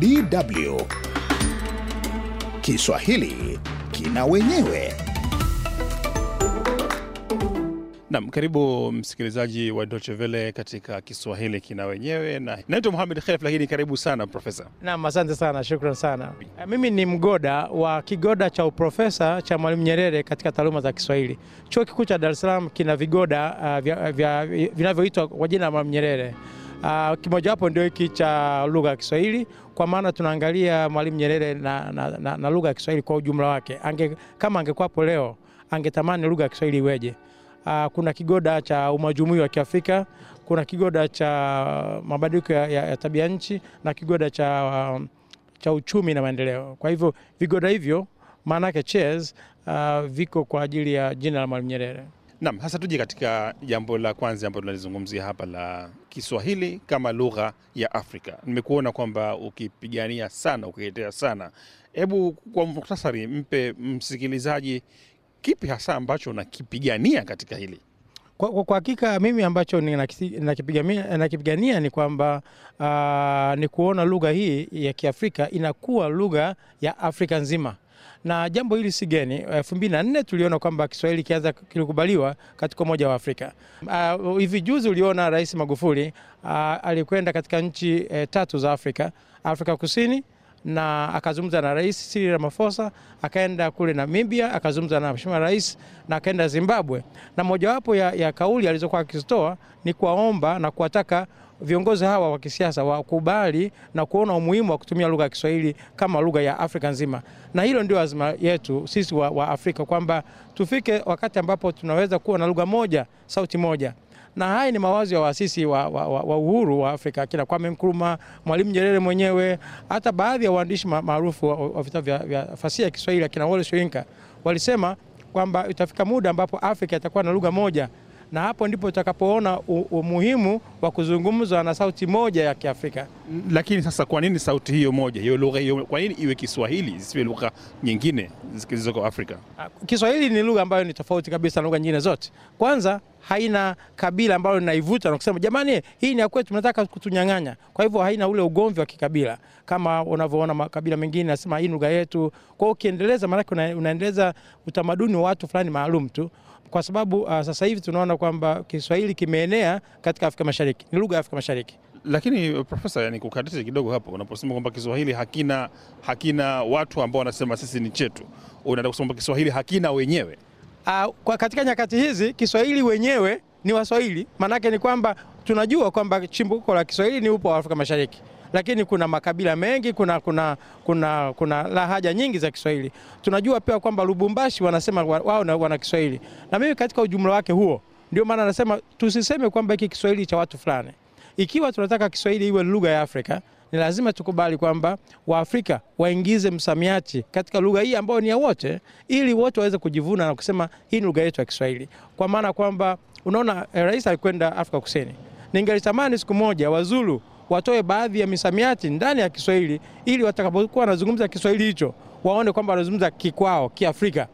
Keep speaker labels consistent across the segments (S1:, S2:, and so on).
S1: DW Kiswahili kina wenyewe. Nam, karibu msikilizaji wa Deutsche Welle katika Kiswahili kina wenyewe, na naitwa Muhamed Khelef. Lakini karibu sana profesa.
S2: Nam, asante sana, shukran sana. Mimi ni mgoda wa kigoda cha uprofesa cha Mwalimu Nyerere katika taaluma za Kiswahili. Chuo kikuu cha Dar es Salaam kina vigoda uh, vinavyoitwa kwa jina la Mwalimu Nyerere. Uh, kimojawapo ndio hiki cha lugha ya Kiswahili kwa maana tunaangalia Mwalimu Nyerere na, na, na, na lugha ya Kiswahili kwa ujumla wake. Ange, kama angekuwapo leo angetamani lugha ya Kiswahili iweje? Uh, kuna kigoda cha umajumui wa Kiafrika, kuna kigoda cha mabadiliko ya, ya, ya tabia nchi na kigoda cha, uh, cha uchumi na maendeleo. Kwa hivyo vigoda hivyo maana yake uh, viko kwa ajili ya jina la Mwalimu Nyerere.
S1: Naam, hasa tuje katika jambo la kwanza ambalo tunalizungumzia hapa la Kiswahili kama lugha ya Afrika. Nimekuona kwamba ukipigania sana, ukitetea sana. Hebu kwa muhtasari, mpe msikilizaji kipi hasa ambacho unakipigania katika hili?
S2: Kwa hakika mimi ambacho nakipigania nakipigania ni kwamba uh, ni kuona lugha hii ya Kiafrika inakuwa lugha ya Afrika nzima na jambo hili si geni. elfu mbili na nne tuliona kwamba Kiswahili kianza kilikubaliwa katika Umoja wa Afrika. Ah, hivi uh, juzi uliona Rais Magufuli uh, alikwenda katika nchi uh, tatu za Afrika, Afrika Kusini na akazungumza na Rais Cyril Ramaphosa, akaenda kule Namibia akazungumza na Mheshimiwa Rais na akaenda Zimbabwe, na mojawapo ya, ya kauli alizokuwa akizitoa ni kuwaomba na kuwataka viongozi hawa wa kisiasa wakubali na kuona umuhimu wa kutumia lugha ya Kiswahili kama lugha ya Afrika nzima, na hilo ndio azma yetu sisi wa, wa Afrika kwamba tufike wakati ambapo tunaweza kuwa na lugha moja, sauti moja na haya ni mawazo ya waasisi wa, wa, wa uhuru wa Afrika kina Kwame Nkrumah, Mwalimu Nyerere mwenyewe, hata baadhi ya waandishi maarufu wa, wa vitabu vya, vya fasihi ya Kiswahili akina Wole Soyinka walisema kwamba itafika muda ambapo Afrika itakuwa na lugha moja na hapo ndipo utakapoona umuhimu wa kuzungumzwa na sauti moja ya Kiafrika.
S1: Lakini sasa kwa nini sauti hiyo moja hiyo lugha hiyo, kwa nini iwe Kiswahili isiwe lugha nyingine zilizoko Afrika? Ah,
S2: Kiswahili ni lugha ambayo ni tofauti kabisa na lugha nyingine zote. Kwanza haina kabila ambalo linaivuta na kusema jamani, hii ni ya kwetu, mnataka kutunyang'anya. Kwa hivyo haina ule ugomvi wa kikabila kama unavyoona makabila mengine nasema hii lugha yetu. Kwa hiyo ukiendeleza, maanake una, unaendeleza utamaduni wa watu fulani maalum tu kwa sababu uh, sasa hivi tunaona kwamba Kiswahili kimeenea katika Afrika Mashariki, ni lugha ya Afrika Mashariki. Lakini eh, profesa, yani kukatisha kidogo hapo, unaposema kwamba Kiswahili hakina,
S1: hakina watu ambao wanasema sisi ni chetu, unataka kusema kwamba Kiswahili hakina wenyewe Ah,
S2: kwa katika nyakati hizi Kiswahili wenyewe ni Waswahili, maanake ni kwamba tunajua kwamba chimbuko la Kiswahili ni upo wa Afrika Mashariki, lakini kuna makabila mengi, kuna, kuna, kuna, kuna lahaja nyingi za Kiswahili. Tunajua pia kwamba Lubumbashi wanasema wao wana, wana Kiswahili, na mimi katika ujumla wake huo ndio maana anasema tusiseme kwamba hiki Kiswahili cha watu fulani. Ikiwa tunataka Kiswahili iwe lugha ya Afrika ni lazima tukubali kwamba Waafrika waingize msamiati katika lugha hii ambayo ni ya wote, ili wote waweze kujivuna na kusema hii ni lugha yetu ya Kiswahili. Kwa maana kwamba unaona, eh, rais alikwenda Afrika Kusini. Ningelitamani siku moja Wazulu watoe baadhi ya misamiati ndani ya Kiswahili ili watakapokuwa wanazungumza Kiswahili hicho waone kwamba wanazungumza kikwao Kiafrika.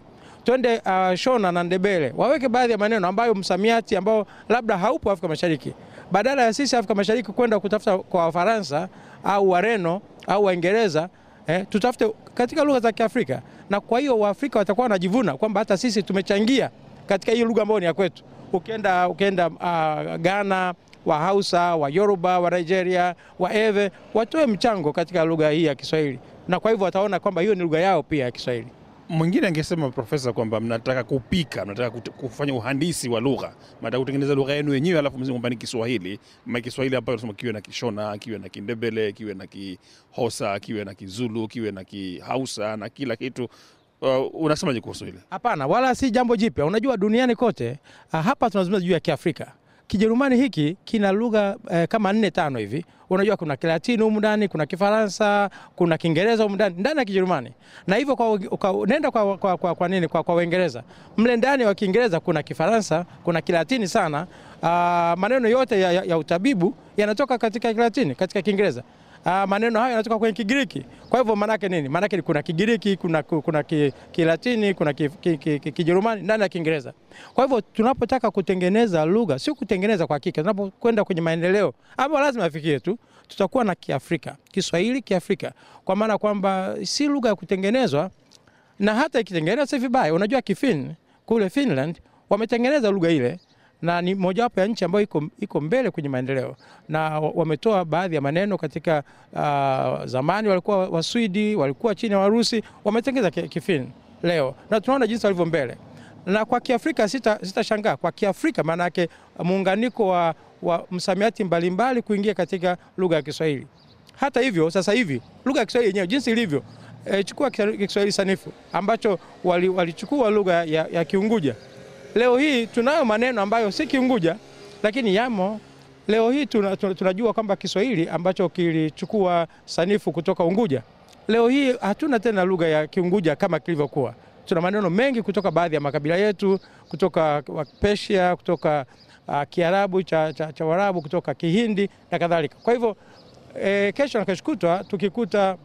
S2: Twende uh, Shona na Ndebele waweke baadhi ya maneno ambayo msamiati ambao labda haupo Afrika Mashariki badala ya sisi Afrika Mashariki kwenda kutafuta kwa Wafaransa au Wareno au Waingereza eh, tutafute katika lugha za Kiafrika, na kwa hiyo Waafrika watakuwa wanajivuna kwamba hata sisi tumechangia katika hiyo lugha ambayo ni ya kwetu. Ukienda ukienda uh, Ghana Wahausa, wa Yoruba, wa Nigeria, wa Eve watoe mchango katika lugha hii ya Kiswahili, na kwa hivyo wataona kwamba hiyo ni lugha yao pia ya Kiswahili. Mwingine angesema profesa, kwamba mnataka kupika,
S1: mnataka kufanya uhandisi wa lugha, mnataka kutengeneza lugha yenu wenyewe, alafu mzingomba Kiswahili ma Kiswahili ambayo tunasema kiwe na Kishona, kiwe na Kindebele, kiwe na Kihosa, kiwe na Kizulu, kiwe
S2: na Kihausa na kila kitu. Uh, unasemaje kuhusu hili? Hapana, wala si jambo jipya. Unajua duniani kote, uh, hapa tunazungumza juu ya Kiafrika. Kijerumani hiki kina lugha eh, kama nne tano hivi. Unajua kuna Kilatini humu ndani, kuna Kifaransa, kuna Kiingereza humu ndani ndani ya Kijerumani. Na hivyo kwa, kwa nenda kwa kwa, kwa, kwa nini kwa kwa Uingereza. Mle ndani wa Kiingereza kuna Kifaransa, kuna Kilatini sana. Uh, maneno yote ya, ya, ya utabibu yanatoka katika Kilatini, katika Kiingereza ah, maneno hayo yanatoka kwenye Kigiriki. Kwa hivyo maanake nini? yake kuna Kigiriki, kuna, kuna Kilatini, kuna Kijerumani ndani ya Kiingereza. Kwa hivyo tunapotaka kutengeneza lugha, sio kutengeneza kwa hakika, tunapokwenda kwenye maendeleo ambayo lazima afikie tu, tutakuwa na Kiafrika, Kiswahili Kiafrika, kwa maana kwamba si lugha ya kutengenezwa, na hata ikitengenezwa si vibaya. Unajua Kifin kule Finland wametengeneza lugha ile na ni mojawapo ya nchi ambayo iko, iko mbele kwenye maendeleo na wametoa baadhi ya maneno katika uh, zamani walikuwa Waswidi walikuwa chini ya Warusi, wametengeza Kifin leo na tunaona jinsi walivyo mbele na kwa Kiafrika sitashangaa sita kwa Kiafrika maana yake muunganiko wa, wa msamiati mbalimbali kuingia katika lugha ya Kiswahili. Hata hivyo sasa hivi lugha ya Kiswahili yenyewe jinsi ilivyo e, chukua Kiswahili sanifu ambacho walichukua wali lugha ya, ya Kiunguja Leo hii tunayo maneno ambayo si Kiunguja, lakini yamo leo hii tuna, tuna, tunajua kwamba Kiswahili ambacho kilichukua sanifu kutoka Unguja, leo hii hatuna tena lugha ya Kiunguja kama kilivyokuwa. Tuna maneno mengi kutoka baadhi ya makabila yetu, kutoka Persia, kutoka uh, Kiarabu cha, cha, cha Warabu, kutoka Kihindi na kadhalika. Kwa hivyo e, kesho na tukikuta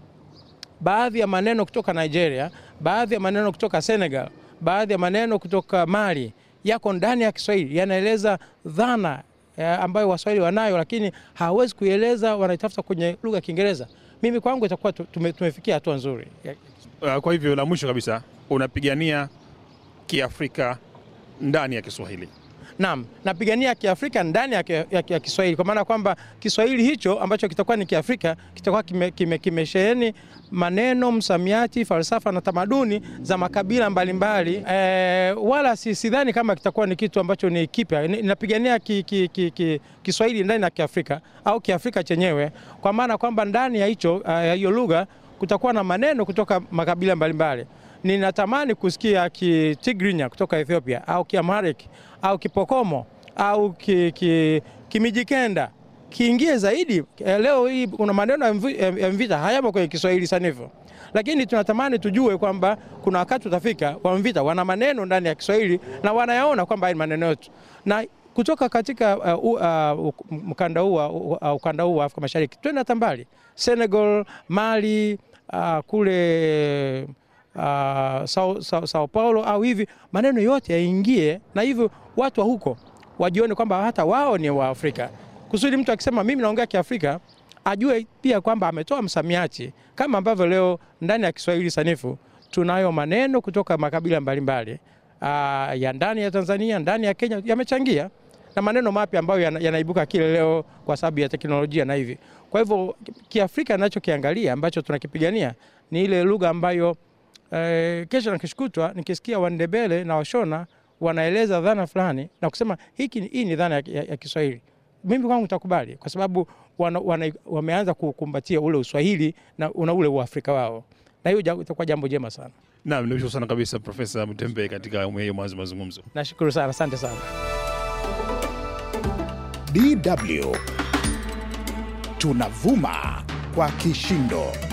S2: baadhi ya maneno kutoka Nigeria, baadhi ya maneno kutoka Senegal, baadhi ya maneno kutoka Mali yako ndani ya Kiswahili, yanaeleza dhana eh, ambayo Waswahili wanayo, lakini hawawezi kuieleza, wanaitafuta kwenye lugha ya Kiingereza. Mimi kwangu itakuwa tume, tumefikia hatua nzuri.
S1: Eh, kwa hivyo la mwisho kabisa, unapigania Kiafrika
S2: ndani ya Kiswahili. Naam, napigania Kiafrika ndani ya, ya, ya Kiswahili kwa maana kwamba Kiswahili hicho ambacho kitakuwa ni Kiafrika kitakuwa kimesheheni kime, kime maneno, msamiati, falsafa na tamaduni za makabila mbalimbali mbali. Eh, e, wala si sidhani kama kitakuwa ni kitu ambacho ni kipya. Napigania ki, ki, ki, ki, Kiswahili ndani ya Kiafrika au Kiafrika chenyewe kwa maana kwamba ndani ya hicho eh, hiyo lugha kutakuwa na maneno kutoka makabila mbalimbali mbali. Ninatamani kusikia Kitigrinya kutoka Ethiopia au Kiamharic au Kipokomo au ki, ki, Kimijikenda kiingie zaidi. Eh, leo hii kuna maneno ya Mvita hayapo kwenye Kiswahili sanifu, lakini tunatamani tujue kwamba kuna wakati utafika wa Mvita wana maneno ndani ya Kiswahili na wanayaona kwamba haya maneno yetu na kutoka katika mkanda uh, uh, huu uh, wa Afrika Mashariki twende hata mbali Senegal, Mali, uh, kule uh, Sao, Sao, Sao Paulo au hivi, maneno yote yaingie, na hivyo watu wa huko wajione kwamba hata wao ni wa Afrika, kusudi mtu akisema mimi naongea Kiafrika ajue pia kwamba ametoa msamiati, kama ambavyo leo ndani ya Kiswahili sanifu tunayo maneno kutoka makabila mbalimbali mbali, ah, ya ndani ya Tanzania, ndani ya Kenya yamechangia na maneno mapya ambayo yanaibuka kile leo kwa sababu ya teknolojia na hivi. Kwa hivyo Kiafrika anachokiangalia ambacho tunakipigania ni ile lugha ambayo Eh, kesho na kishukutwa nikisikia Wandebele na Washona wanaeleza dhana fulani na kusema hiki, hii ni dhana ya, ya, ya Kiswahili, mimi kwangu nitakubali kwa sababu wana, wana, wameanza kukumbatia ule uswahili na una ule uafrika wao, na hiyo itakuwa jambo jema sana.
S1: Naam, nimeshukuru sana kabisa Profesa Mtembe katika awamu mwanzo mazungumzo.
S2: Nashukuru sana, asante sana. DW tunavuma kwa kishindo.